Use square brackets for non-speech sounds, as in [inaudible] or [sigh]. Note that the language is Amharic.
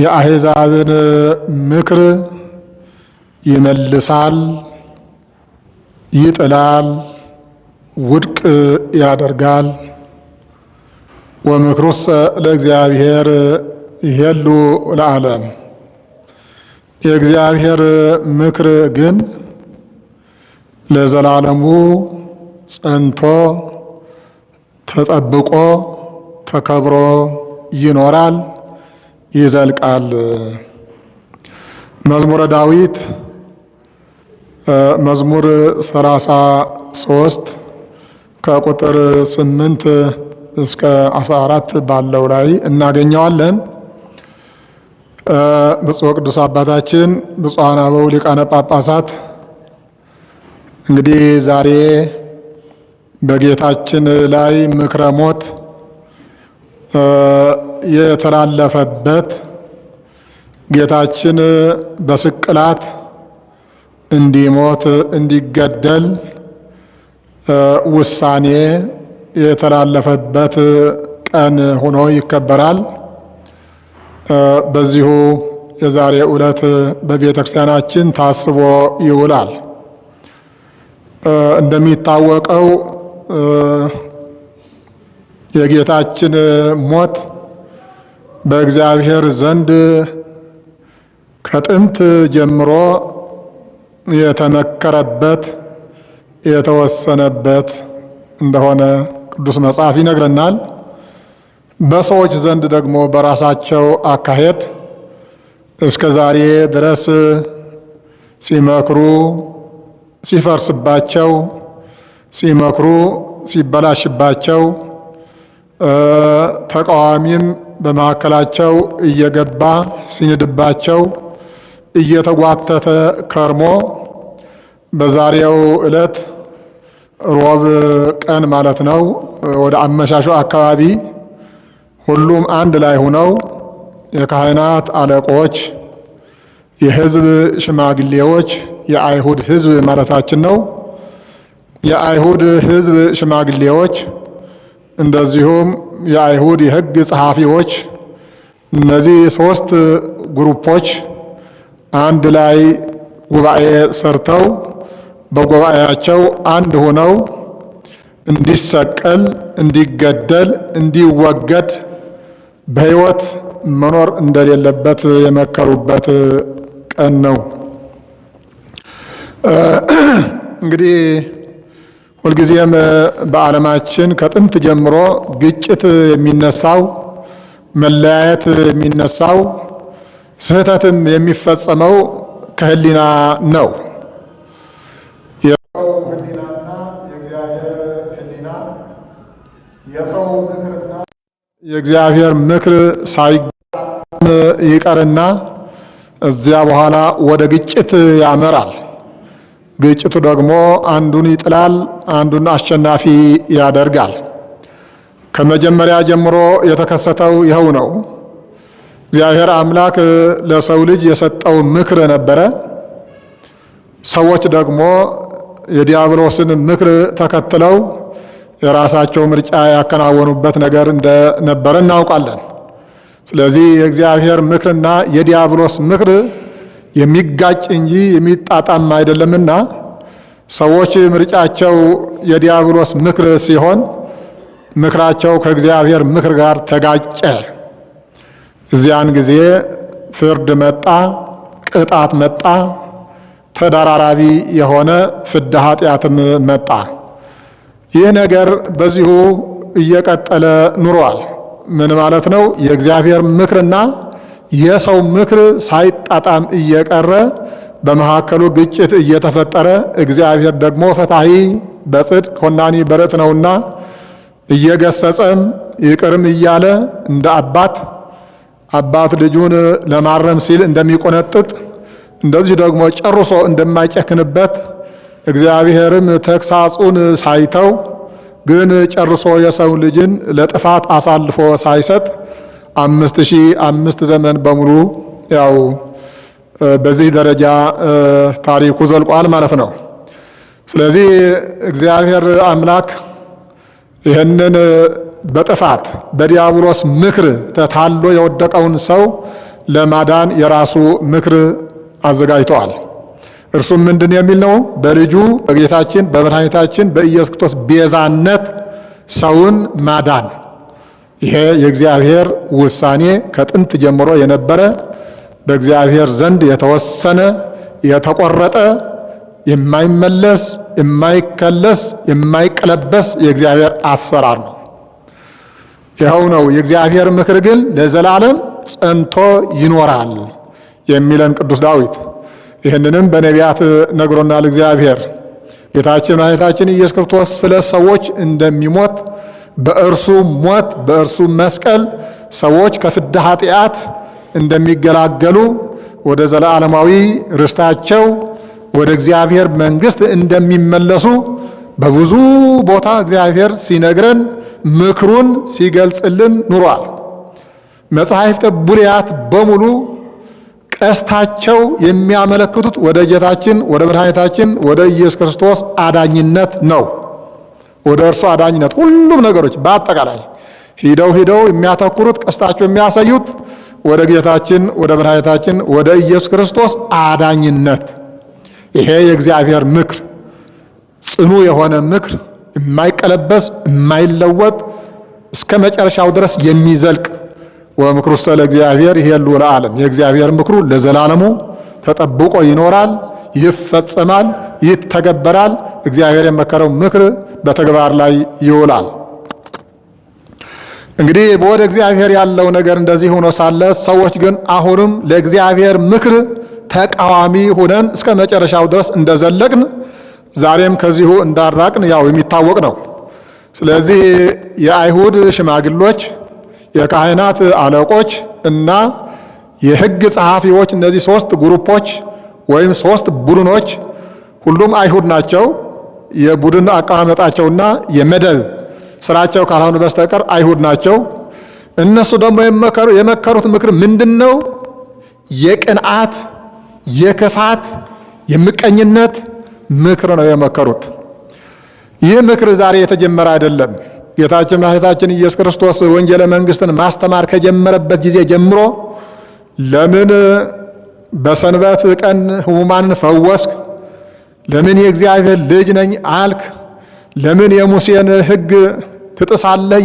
የአሕዛብን ምክር ይመልሳል፣ ይጥላል፣ ውድቅ ያደርጋል። ወምክሩስ ለእግዚአብሔር ይሄሉ ለዓለም፣ የእግዚአብሔር ምክር ግን ለዘላለሙ ጸንቶ ተጠብቆ ተከብሮ ይኖራል። ይዘልቃል። መዝሙረ ዳዊት መዝሙር 33 ከቁጥር 8 እስከ 14 ባለው ላይ እናገኘዋለን። ብፁዕ ቅዱስ አባታችን ብፁዓን አበው ሊቃነ ጳጳሳት እንግዲህ ዛሬ በጌታችን ላይ ምክረ ሞት የተላለፈበት ጌታችን በስቅላት እንዲሞት እንዲገደል ውሳኔ የተላለፈበት ቀን ሆኖ ይከበራል። በዚሁ የዛሬ ዕለት በቤተ ክርስቲያናችን ታስቦ ይውላል። እንደሚታወቀው የጌታችን ሞት በእግዚአብሔር ዘንድ ከጥንት ጀምሮ የተመከረበት የተወሰነበት እንደሆነ ቅዱስ መጽሐፍ ይነግረናል። በሰዎች ዘንድ ደግሞ በራሳቸው አካሄድ እስከ ዛሬ ድረስ ሲመክሩ ሲፈርስባቸው፣ ሲመክሩ ሲበላሽባቸው፣ ተቃዋሚም በመካከላቸው እየገባ ሲንድባቸው እየተጓተተ ከርሞ በዛሬው ዕለት ሮብ ቀን ማለት ነው ወደ አመሻሹ አካባቢ ሁሉም አንድ ላይ ሆነው የካህናት አለቆች፣ የህዝብ ሽማግሌዎች፣ የአይሁድ ህዝብ ማለታችን ነው። የአይሁድ ህዝብ ሽማግሌዎች እንደዚሁም የአይሁድ የሕግ ጸሐፊዎች እነዚህ ሶስት ግሩፖች አንድ ላይ ጉባኤ ሰርተው በጉባኤያቸው አንድ ሆነው እንዲሰቀል፣ እንዲገደል፣ እንዲወገድ በሕይወት መኖር እንደሌለበት የመከሩበት ቀን ነው። [clears throat] እንግዲህ ሁልጊዜም በዓለማችን ከጥንት ጀምሮ ግጭት የሚነሳው መለያየት የሚነሳው ስህተትም የሚፈጸመው ከህሊና ነው። የሰው ህሊናና የእግዚአብሔር ህሊና የሰው ምክርና የእግዚአብሔር ምክር ሳይገናኝ ይቀርና እዚያ በኋላ ወደ ግጭት ያመራል። ግጭቱ ደግሞ አንዱን ይጥላል፣ አንዱን አሸናፊ ያደርጋል። ከመጀመሪያ ጀምሮ የተከሰተው ይኸው ነው። እግዚአብሔር አምላክ ለሰው ልጅ የሰጠው ምክር ነበረ። ሰዎች ደግሞ የዲያብሎስን ምክር ተከትለው የራሳቸው ምርጫ ያከናወኑበት ነገር እንደነበረ እናውቃለን። ስለዚህ የእግዚአብሔር ምክርና የዲያብሎስ ምክር የሚጋጭ እንጂ የሚጣጣም አይደለምና ሰዎች ምርጫቸው የዲያብሎስ ምክር ሲሆን ምክራቸው ከእግዚአብሔር ምክር ጋር ተጋጨ። እዚያን ጊዜ ፍርድ መጣ፣ ቅጣት መጣ፣ ተደራራቢ የሆነ ፍዳ ኃጢአትም መጣ። ይህ ነገር በዚሁ እየቀጠለ ኑሯል። ምን ማለት ነው? የእግዚአብሔር ምክርና የሰው ምክር ሳይጣጣም እየቀረ በመካከሉ ግጭት እየተፈጠረ እግዚአብሔር ደግሞ ፈታሂ በጽድቅ ኮናኒ በረት ነውና እየገሰጸም ይቅርም እያለ እንደ አባት አባት ልጁን ለማረም ሲል እንደሚቆነጥጥ እንደዚህ ደግሞ ጨርሶ እንደማይጨክንበት እግዚአብሔርም ተግሳጹን ሳይተው ግን ጨርሶ የሰው ልጅን ለጥፋት አሳልፎ ሳይሰጥ አምስት ሺህ አምስት ዘመን በሙሉ ያው በዚህ ደረጃ ታሪኩ ዘልቋል ማለት ነው። ስለዚህ እግዚአብሔር አምላክ ይህንን በጥፋት በዲያብሎስ ምክር ተታሎ የወደቀውን ሰው ለማዳን የራሱ ምክር አዘጋጅተዋል። እርሱም ምንድን የሚል ነው? በልጁ በጌታችን በመድኃኒታችን በኢየሱስ ክርስቶስ ቤዛነት ሰውን ማዳን ይሄ የእግዚአብሔር ውሳኔ ከጥንት ጀምሮ የነበረ በእግዚአብሔር ዘንድ የተወሰነ የተቆረጠ የማይመለስ የማይከለስ የማይቀለበስ የእግዚአብሔር አሰራር ነው። ይኸው ነው። የእግዚአብሔር ምክር ግን ለዘላለም ጸንቶ ይኖራል የሚለን ቅዱስ ዳዊት። ይህንንም በነቢያት ነግሮናል እግዚአብሔር ጌታችን መድኃኒታችን ኢየሱስ ክርስቶስ ስለ ሰዎች እንደሚሞት በእርሱ ሞት በእርሱ መስቀል ሰዎች ከፍዳ ኃጢአት እንደሚገላገሉ ወደ ዘለዓለማዊ ርስታቸው ወደ እግዚአብሔር መንግሥት እንደሚመለሱ በብዙ ቦታ እግዚአብሔር ሲነግረን ምክሩን ሲገልጽልን ኑሯል። መጻሕፍተ ብሉያት በሙሉ ቀስታቸው የሚያመለክቱት ወደ ጌታችን ወደ መድኃኒታችን ወደ ኢየሱስ ክርስቶስ አዳኝነት ነው። ወደ እርሱ አዳኝነት ሁሉም ነገሮች በአጠቃላይ ሂደው ሂደው የሚያተኩሩት ቀስታቸው የሚያሳዩት ወደ ጌታችን ወደ መድኃኒታችን ወደ ኢየሱስ ክርስቶስ አዳኝነት። ይሄ የእግዚአብሔር ምክር ጽኑ የሆነ ምክር የማይቀለበስ የማይለወጥ እስከ መጨረሻው ድረስ የሚዘልቅ ወምክሩ ሰለ እግዚአብሔር ይሄሉ ለዓለም የእግዚአብሔር ምክሩ ለዘላለሙ ተጠብቆ ይኖራል፣ ይፈጸማል፣ ይተገበራል። እግዚአብሔር የመከረው ምክር በተግባር ላይ ይውላል። እንግዲህ በወደ እግዚአብሔር ያለው ነገር እንደዚህ ሆኖ ሳለ ሰዎች ግን አሁንም ለእግዚአብሔር ምክር ተቃዋሚ ሆነን እስከ መጨረሻው ድረስ እንደዘለቅን ዛሬም ከዚሁ እንዳራቅን ያው የሚታወቅ ነው። ስለዚህ የአይሁድ ሽማግሎች፣ የካህናት አለቆች እና የሕግ ጸሐፊዎች እነዚህ ሶስት ግሩፖች ወይም ሶስት ቡድኖች ሁሉም አይሁድ ናቸው። የቡድን አቀማመጣቸውና የመደብ ስራቸው ካልሆኑ በስተቀር አይሁድ ናቸው። እነሱ ደግሞ የመከሩት ምክር ምንድን ነው? የቅንዓት፣ የክፋት፣ የምቀኝነት ምክር ነው የመከሩት። ይህ ምክር ዛሬ የተጀመረ አይደለም። ጌታችን መድኃኒታችን ኢየሱስ ክርስቶስ ወንጌለ መንግስትን ማስተማር ከጀመረበት ጊዜ ጀምሮ ለምን በሰንበት ቀን ህሙማንን ፈወስ ለምን የእግዚአብሔር ልጅ ነኝ አልክ? ለምን የሙሴን ሕግ ትጥሳለህ?